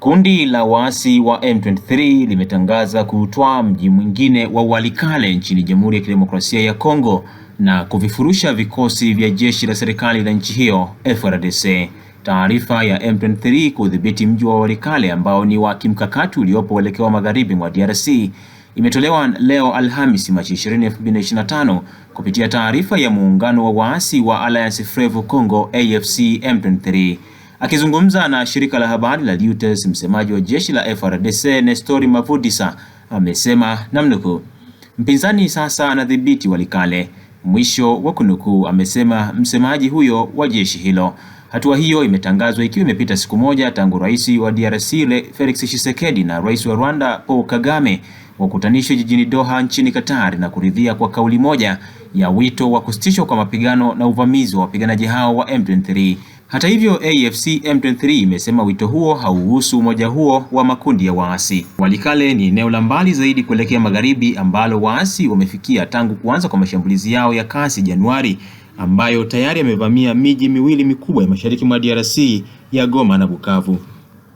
Kundi la waasi wa M23 limetangaza kutwaa mji mwingine wa Walikale nchini Jamhuri ya Kidemokrasia ya Kongo na kuvifurusha vikosi vya jeshi la serikali la nchi hiyo FARDC. Taarifa ya M23 kudhibiti mji wa Walikale ambao ni wa kimkakati uliopo uelekeo wa magharibi mwa DRC imetolewa leo Alhamisi Machi 20, 2025 kupitia taarifa ya muungano wa waasi wa Alliance Fleuve Congo AFC M23. Akizungumza na shirika la habari la Reuters, msemaji wa jeshi la frdc Nestori Mavudisa amesema namnukuu, mpinzani sasa anadhibiti Walikale, mwisho wa kunukuu, amesema msemaji huyo wa jeshi hilo. Hatua hiyo imetangazwa ikiwa imepita siku moja tangu rais wa DRC Felix Tshisekedi na rais wa Rwanda Paul Kagame wakutanishwe jijini Doha nchini Qatar na kuridhia kwa kauli moja ya wito wa kusitishwa kwa mapigano na uvamizi wa wapiganaji hao wa M23 hata hivyo, AFC M23 imesema wito huo hauhusu umoja huo wa makundi ya waasi. Walikale ni eneo la mbali zaidi kuelekea magharibi ambalo waasi wamefikia tangu kuanza kwa mashambulizi yao ya kasi Januari, ambayo tayari yamevamia miji miwili mikubwa ya mashariki mwa DRC ya Goma na Bukavu.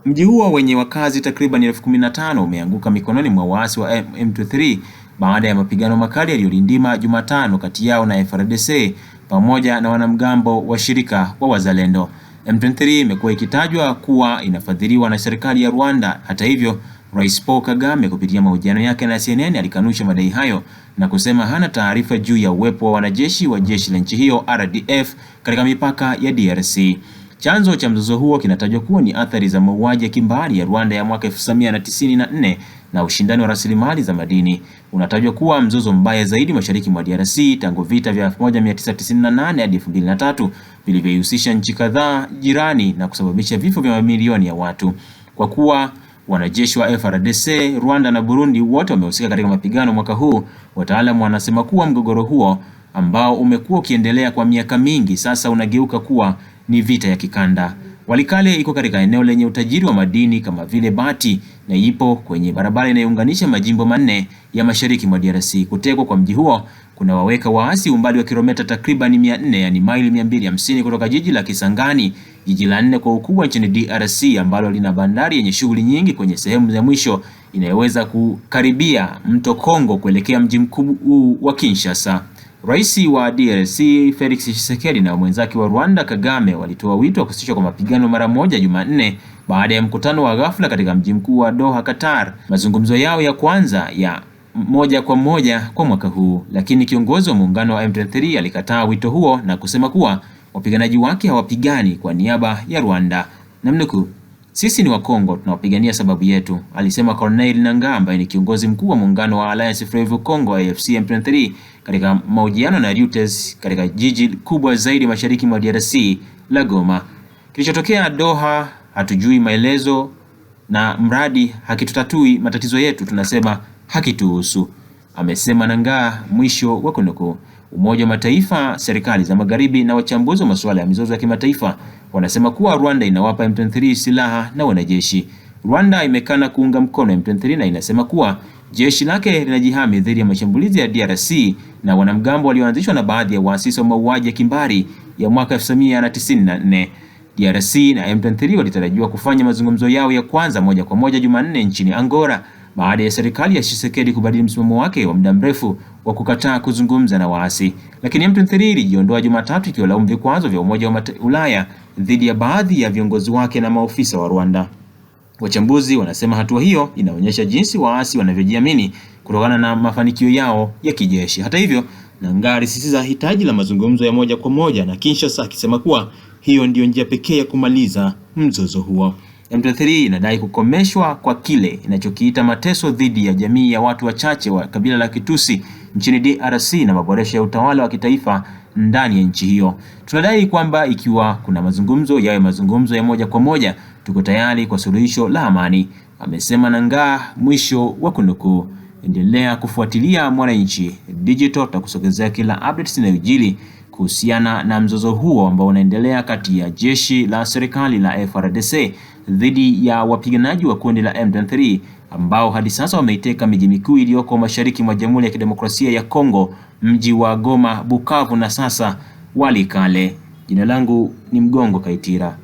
Mji huo wenye wakazi takriban elfu kumi na tano umeanguka mikononi mwa waasi wa M23 baada ya mapigano makali yaliyolindima Jumatano kati yao na FRDC pamoja na wanamgambo wa shirika wa Wazalendo. M23 imekuwa ikitajwa kuwa inafadhiliwa na serikali ya Rwanda. Hata hivyo, Rais Paul Kagame kupitia mahojiano yake na CNN alikanusha madai hayo na kusema hana taarifa juu ya uwepo wa wanajeshi wa jeshi la nchi hiyo RDF katika mipaka ya DRC. Chanzo cha mzozo huo kinatajwa kuwa ni athari za mauaji ya kimbari ya Rwanda ya mwaka 1994 na ushindani wa rasilimali za madini. Unatajwa kuwa mzozo mbaya zaidi mashariki mwa DRC tangu vita vya 1998 hadi 2003 vilivyoihusisha nchi kadhaa jirani na kusababisha vifo vya mamilioni ya watu. Kwa kuwa wanajeshi wa FRDC, Rwanda na Burundi wote wamehusika katika mapigano mwaka huu, wataalamu wanasema kuwa mgogoro huo ambao umekuwa ukiendelea kwa miaka mingi sasa unageuka kuwa ni vita ya kikanda. Walikale iko katika eneo lenye utajiri wa madini kama vile bati na ipo kwenye barabara inayounganisha majimbo manne ya mashariki mwa DRC. Kutekwa kwa mji huo kuna waweka waasi umbali wa kilomita takriban 400 yani maili 250 kutoka jiji la Kisangani, jiji la nne kwa ukubwa nchini DRC ambalo lina bandari yenye shughuli nyingi kwenye sehemu za mwisho inayoweza kukaribia mto Kongo kuelekea mji mkuu wa Kinshasa. Rais wa DRC Felix Tshisekedi na mwenzake wa Rwanda Kagame walitoa wito wa kusitishwa kwa mapigano mara moja Jumanne baada ya mkutano wa ghafla katika mji mkuu wa Doha, Qatar, mazungumzo yao ya kwanza ya moja kwa moja kwa mwaka huu. Lakini kiongozi wa muungano wa M23 alikataa wito huo na kusema kuwa wapiganaji wake hawapigani kwa niaba ya Rwanda. Namnukuu. Sisi ni Wakongo, tunawapigania sababu yetu, alisema Corneille Nangaa ambaye ni kiongozi mkuu wa muungano wa Alliance Fleuve Congo AFC M23 katika mahojiano na Reuters katika jiji kubwa zaidi mashariki mwa DRC la Goma. Kilichotokea Doha hatujui maelezo, na mradi hakitutatui matatizo yetu, tunasema hakituhusu amesema Nangaa. Mwisho wa kunukuu. Umoja wa Mataifa, serikali za magharibi na wachambuzi wa masuala ya mizozo ya kimataifa wanasema kuwa Rwanda inawapa M23 silaha na wanajeshi. Rwanda imekana kuunga mkono M23 na inasema kuwa jeshi lake linajihami dhidi ya mashambulizi ya DRC na wanamgambo walioanzishwa na baadhi ya waasisi wa mauaji ya kimbari ya mwaka 1994. DRC na M23 walitarajiwa kufanya mazungumzo yao ya kwanza moja kwa moja Jumanne nchini Angola baada ya serikali ya Tshisekedi kubadili msimamo wake wa muda mrefu wa kukataa kuzungumza na waasi. Lakini M23 ilijiondoa Jumatatu ikiwalaumu vikwazo vya Umoja wa Ulaya dhidi ya baadhi ya viongozi wake na maofisa wa Rwanda. Wachambuzi wanasema hatua hiyo inaonyesha jinsi waasi wanavyojiamini kutokana na mafanikio yao ya kijeshi. Hata hivyo, Nangaa alisisitiza hitaji la mazungumzo ya moja kwa moja na Kinshasa, akisema kuwa hiyo ndiyo njia pekee ya kumaliza mzozo huo. M23 inadai kukomeshwa kwa kile inachokiita mateso dhidi ya jamii ya watu wachache wa kabila la Kitusi nchini DRC na maboresho ya utawala wa kitaifa ndani ya nchi hiyo. Tunadai kwamba ikiwa kuna mazungumzo, yawe mazungumzo ya moja kwa moja, tuko tayari kwa suluhisho la amani, amesema Nangaa. Mwisho wa kunukuu. Endelea kufuatilia Mwananchi Digital, tutakusogezea kila updates inayojili kuhusiana na mzozo huo ambao unaendelea kati ya jeshi la serikali la FRDC dhidi ya wapiganaji wa kundi la M23 ambao hadi sasa wameiteka miji mikuu iliyoko mashariki mwa Jamhuri ya Kidemokrasia ya Kongo, mji wa Goma, Bukavu na sasa Walikale. Jina langu ni Mgongo Kaitira.